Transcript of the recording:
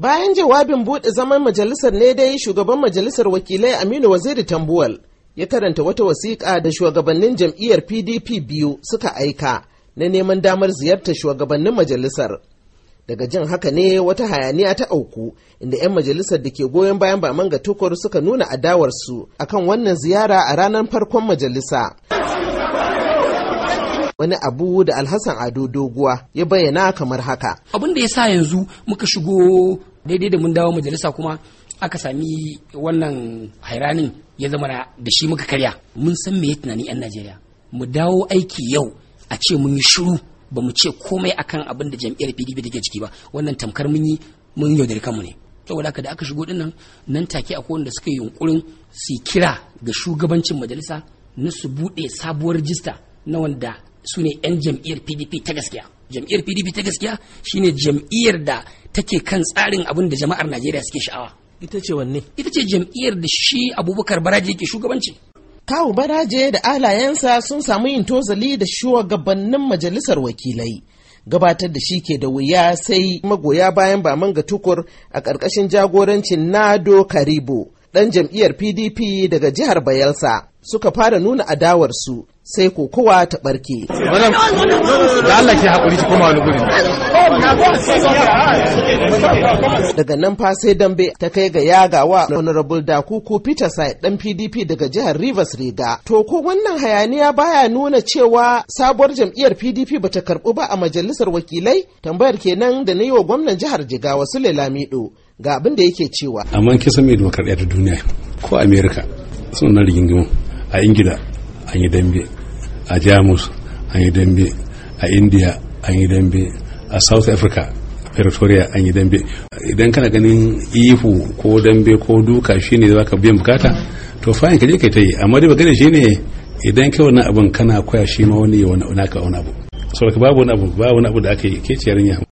Bayan jawabin buɗe zaman majalisar ne dai shugaban majalisar wakilai Aminu Waziri Tambuwal ya karanta wata wasiƙa da shugabannin jam'iyyar PDP biyu suka aika na neman damar ziyartar shugabannin majalisar. Daga jin haka ne wata hayaniya ta auku inda 'yan majalisar da ke goyon bayan manga Tukur suka nuna adawarsu akan wannan ziyara a ranar farkon majalisa. wani abu da alhassan ado doguwa ya bayyana kamar haka abin da ya sa yanzu muka shigo daidai da mun dawo majalisa kuma aka sami wannan hairanin ya zama da shi muka karya mun san me ya tunani 'yan najeriya mu dawo aiki yau a ce mun yi shiru ba mu ce komai akan abin da jam'iyyar pdp take ciki ba wannan tamkar mun yi mun yaudari kanmu ne saboda haka da aka shigo dinnan nan take akwai wanda suka yi yunkurin su kira ga shugabancin majalisa na su bude sabuwar rijista na wanda su ne 'yan jam'iyyar pdp ta gaskiya jam'iyyar pdp ta gaskiya shine jam'iyyar da take kan tsarin abin da jama'ar Najeriya suke sha'awa. Ita ce wanne? Ita ce jam'iyyar da shi Abubakar Baraje yake shugabanci. Kawu Baraje da alayensa sun samu yin tozali da shugabannin majalisar wakilai. Gabatar da shi ke da wuya sai magoya bayan baman ga tukur a ƙarƙashin jagorancin Nado Karibo, ɗan jam'iyyar PDP daga jihar Bayelsa. Suka fara nuna adawarsu sai kokowa ta ɓarke. Da Allah ke haƙuri ci kuma wani guri. Daga nan fa sai dambe ta kai ga yagawa Honorable Dakuku Peter Sai dan PDP daga jihar Rivers Riga. To ko wannan hayaniya baya nuna cewa sabuwar jam'iyyar PDP ba ta karbu ba a majalisar wakilai? Tambayar kenan da na yi wa gwamnan jihar Jigawa Sule Lamido ga abin da yake cewa. Amma kisan mai dokar ta duniya ko Amerika sun na rigingimu a Ingila an yi dambe a Jamus an yi dambe a Indiya an yi dambe a south africa pretoria an yi dambe idan kana ganin ihu ko dambe ko duka ne za ka biyan bukata to fayin ka je ka ta yi amma dai shi ne idan kai wannan abin kana koya shi ma wani ya wani naka wani abu saboda babu wani abu babu wani abu da aka yi ke ciyar yamma